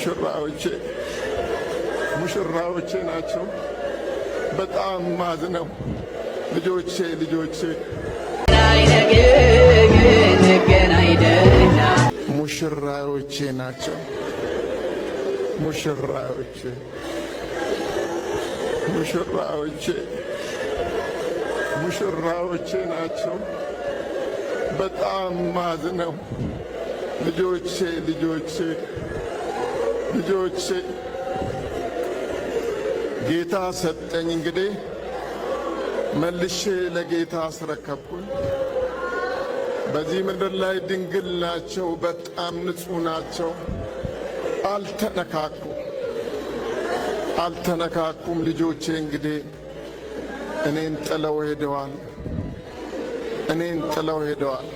ሙሽራዎቼ ሙሽራዎቼ ናቸው። በጣም ማዝ ነው ልጆቼ ልጆቼ ሙሽራዎቼ ናቸው ሙሽራዎቼ ሙሽራዎቼ ሙሽራዎቼ ናቸው። በጣም ማዝ ነው ልጆቼ ልጆቼ ልጆች ጌታ ሰጠኝ፣ እንግዲህ መልሼ ለጌታ አስረከብኩኝ። በዚህ ምድር ላይ ድንግል ናቸው፣ በጣም ንጹሕ ናቸው። አልተነካኩም አልተነካኩም። ልጆቼ እንግዲህ እኔን ጥለው ሄደዋል፣ እኔን ጥለው ሄደዋል።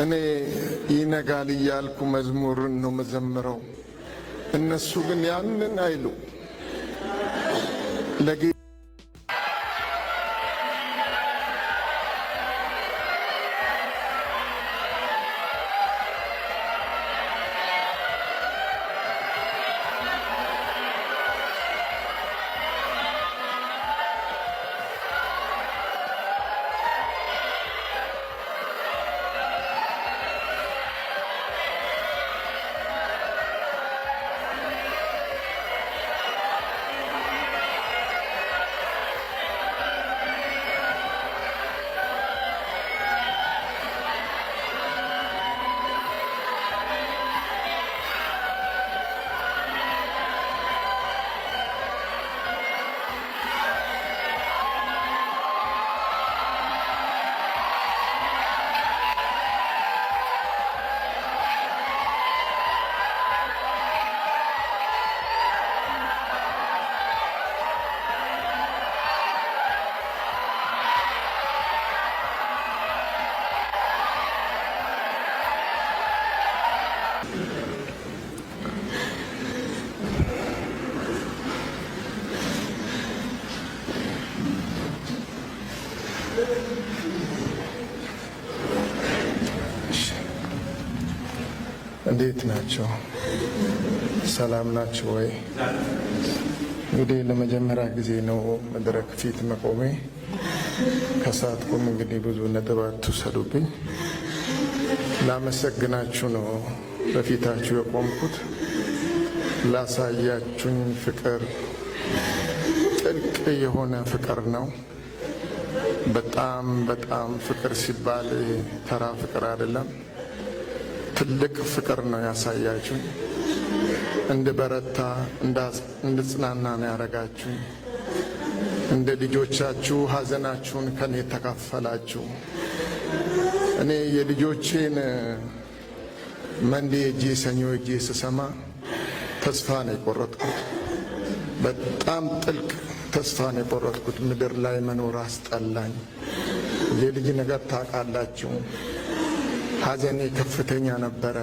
እኔ ይነጋል እያልኩ መዝሙርን ነው መዘምረው። እነሱ ግን ያንን አይሉ እንዴት ናቸው? ሰላም ናቸው ወይ? እንግዲህ ለመጀመሪያ ጊዜ ነው መድረክ ፊት መቆሜ። ከሰዓት ቁም እንግዲህ ብዙ ነጥብ አትውሰዱብኝ። ላመሰግናችሁ ነው በፊታችሁ የቆምኩት። ላሳያችሁኝ ፍቅር ጥልቅ የሆነ ፍቅር ነው። በጣም በጣም ፍቅር ሲባል ተራ ፍቅር አይደለም። ትልቅ ፍቅር ነው ያሳያችሁኝ። እንድበረታ እንድጽናና ነው ያረጋችሁኝ። እንደ ልጆቻችሁ ሀዘናችሁን ከኔ ተካፈላችሁ። እኔ የልጆቼን መንዴ እጄ ሰኞ እጄ ስሰማ ተስፋ ነው የቆረጥኩት። በጣም ጥልቅ ተስፋን የቆረጥኩት ምድር ላይ መኖር አስጠላኝ። የልጅ ነገር ታውቃላችሁ። ሐዘኔ ከፍተኛ ነበረ።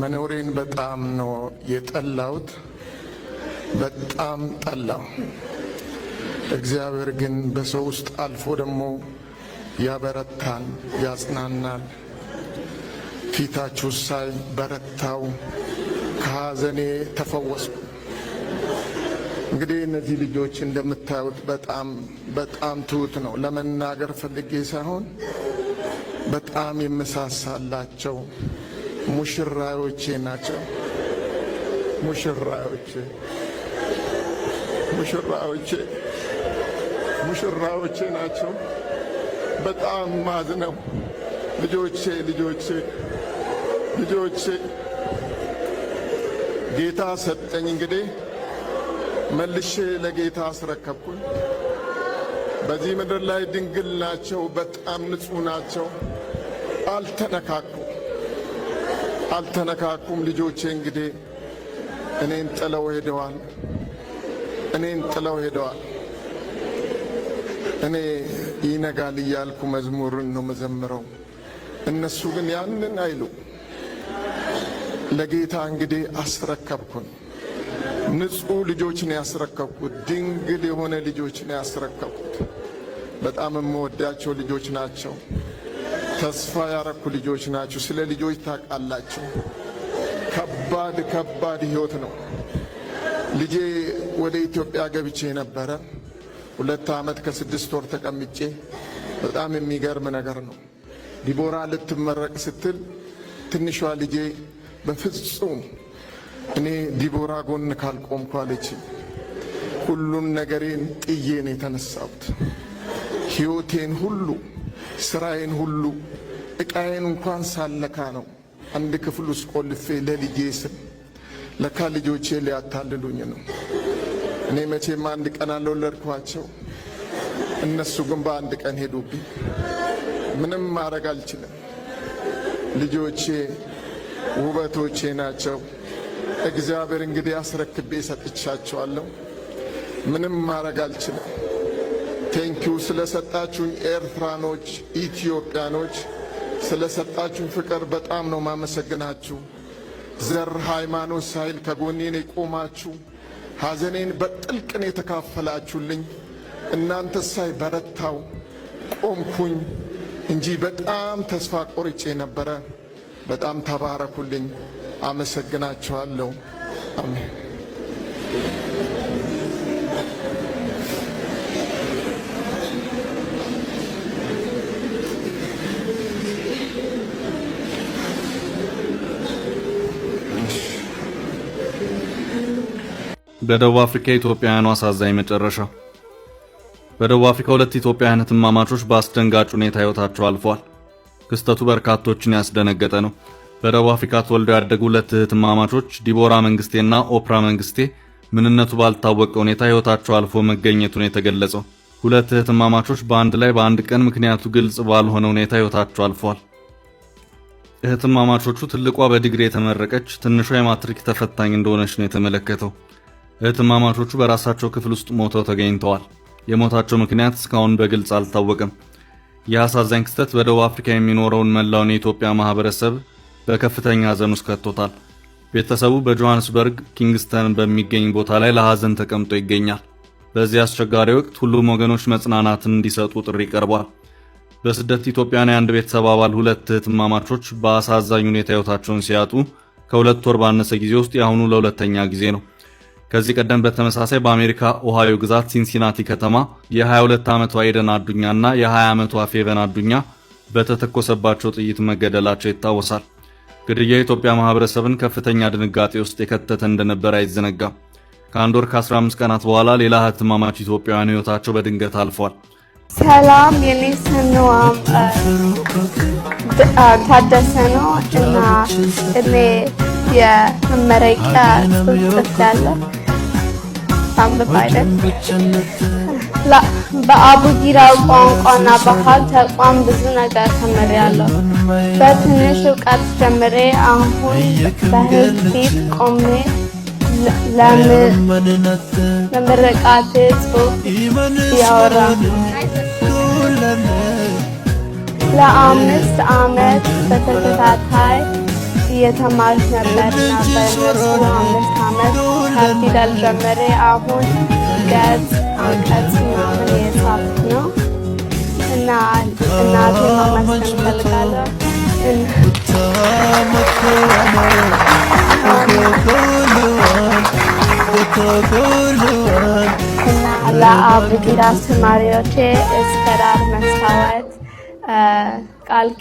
መኖሬን በጣም ነው የጠላሁት። በጣም ጠላሁ። እግዚአብሔር ግን በሰው ውስጥ አልፎ ደግሞ ያበረታል፣ ያጽናናል። ፊታችሁ ሳይ በረታው፣ ከሐዘኔ ተፈወስኩ። እንግዲህ እነዚህ ልጆች እንደምታዩት በጣም በጣም ትሁት ነው። ለመናገር ፈልጌ ሳይሆን በጣም የመሳሳላቸው ሙሽራዮቼ ናቸው። ሙሽራዮቼ ሙሽራዮቼ ሙሽራዮቼ ናቸው። በጣም ማዝ ነው ልጆቼ ልጆቼ ልጆቼ ጌታ ሰጠኝ እንግዲህ መልሼ ለጌታ አስረከብኩኝ። በዚህ ምድር ላይ ድንግል ናቸው፣ በጣም ንጹሕ ናቸው። አልተነካኩም አልተነካኩም። ልጆቼ እንግዲህ እኔን ጥለው ሄደዋል፣ እኔን ጥለው ሄደዋል። እኔ ይነጋል እያልኩ መዝሙርን ነው መዘምረው። እነሱ ግን ያንን አይሉ። ለጌታ እንግዲህ አስረከብኩን። ልጆች ልጆችን ያስረከብኩት ድንግል የሆነ ልጆችን ያስረከብኩት በጣም የምወዳቸው ልጆች ናቸው። ተስፋ ያረኩ ልጆች ናቸው። ስለ ልጆች ታቃላቸው ከባድ ከባድ ህይወት ነው። ልጄ ወደ ኢትዮጵያ ገብቼ ነበረ። ሁለት ዓመት ከስድስት ወር ተቀምጬ በጣም የሚገርም ነገር ነው። ዲቦራ ልትመረቅ ስትል ትንሿ ልጄ በፍጹም እኔ ዲቦራ ጎን ካልቆምኩ አለች። ሁሉን ነገሬን ጥዬን የተነሳሁት ሕይወቴን ሁሉ ስራዬን ሁሉ እቃዬን እንኳን ሳለካ ነው አንድ ክፍል ውስጥ ቆልፌ ለልጄ ስም ለካ ልጆቼ ሊያታልሉኝ ነው። እኔ መቼም አንድ ቀን አልወለድኳቸው፣ እነሱ ግን በአንድ ቀን ሄዱብኝ። ምንም ማድረግ አልችልም። ልጆቼ ውበቶቼ ናቸው። እግዚአብሔር እንግዲህ አስረክቤ ሰጥቻቸዋለሁ። ምንም ማድረግ አልችልም። ቴንኪው ስለሰጣችሁኝ ኤርትራኖች፣ ኢትዮጵያኖች ስለሰጣችሁኝ ፍቅር በጣም ነው ማመሰግናችሁ። ዘር፣ ሃይማኖት ሳይል ከጎኔን የቆማችሁ ሐዘኔን በጥልቅን የተካፈላችሁልኝ እናንተ ሳይ በረታው ቆምኩኝ እንጂ በጣም ተስፋ ቆርጬ ነበረ። በጣም ተባረኩልኝ። አመሰግናችኋለሁ። አሜን። በደቡብ አፍሪካ ኢትዮጵያውያኑ አሳዛኝ መጨረሻ። በደቡብ አፍሪካ ሁለት ኢትዮጵያውያን እህትማማቾች በአስደንጋጭ ሁኔታ ሕይወታቸው አልፏል። ክስተቱ በርካቶችን ያስደነገጠ ነው። በደቡብ አፍሪካ ተወልደው ያደጉ ሁለት እህትማማቾች ዲቦራ መንግስቴና ኦፕራ መንግስቴ ምንነቱ ባልታወቀ ሁኔታ ህይወታቸው አልፎ መገኘቱን የተገለጸው ሁለት እህትማማቾች በአንድ ላይ በአንድ ቀን ምክንያቱ ግልጽ ባልሆነ ሁኔታ ህይወታቸው አልፈዋል። እህትማማቾቹ ትልቋ በዲግሪ የተመረቀች፣ ትንሿ የማትሪክ ተፈታኝ እንደሆነች ነው የተመለከተው። እህትማማቾቹ በራሳቸው ክፍል ውስጥ ሞተው ተገኝተዋል። የሞታቸው ምክንያት እስካሁን በግልጽ አልታወቀም። ይህ አሳዛኝ ክስተት በደቡብ አፍሪካ የሚኖረውን መላውን የኢትዮጵያ ማህበረሰብ በከፍተኛ ሐዘን ውስጥ ከቶታል። ቤተሰቡ በጆሃንስበርግ ኪንግስተን በሚገኝ ቦታ ላይ ለሐዘን ተቀምጦ ይገኛል። በዚህ አስቸጋሪ ወቅት ሁሉም ወገኖች መጽናናትን እንዲሰጡ ጥሪ ቀርቧል። በስደት ኢትዮጵያን የአንድ ቤተሰብ አባል ሁለት እህትማማቾች በአሳዛኝ ሁኔታ ሕይወታቸውን ሲያጡ ከሁለት ወር ባነሰ ጊዜ ውስጥ የአሁኑ ለሁለተኛ ጊዜ ነው። ከዚህ ቀደም በተመሳሳይ በአሜሪካ ኦሃዮ ግዛት ሲንሲናቲ ከተማ የ22 ዓመቷ ኤደን ና የ20 ዓመቷ ፌቨን አዱኛ በተተኮሰባቸው ጥይት መገደላቸው ይታወሳል። ግድያ የኢትዮጵያ ማህበረሰብን ከፍተኛ ድንጋጤ ውስጥ የከተተ እንደነበር አይዘነጋም። ከአንድ ወር ከ15 ቀናት በኋላ ሌላ ህትማማች ኢትዮጵያውያን ህይወታቸው በድንገት አልፏል። ሰላም የኔ ስንዋ ታደሰ ነው እና እኔ የመመረቂያ ጽፍ ያለ አንብባይለን በአቡጊራ ቋንቋና ባህል ተቋም ብዙ ነገር ተምሬያለሁ። በትንሽ እውቀት ጀምሬ አሁን በሕዝብ ፊት ቆሜ ለምርቃቴ ጽሑፍ እያወራ ለአምስት ዓመት በተከታታይ እየተማርኩ ነበር በነሱ አምስት ዓመት ከፊደል ጀምሬ አሁን ገጽ ቀጽኛው የጻፍኩት ነው እና እናቴን ማመስገን እፈልጋለሁ። ለአብጊዳ አስተማሪዎቼ እስከ ዳር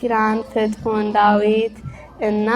ቃል ፍትሁን፣ ዳዊት እና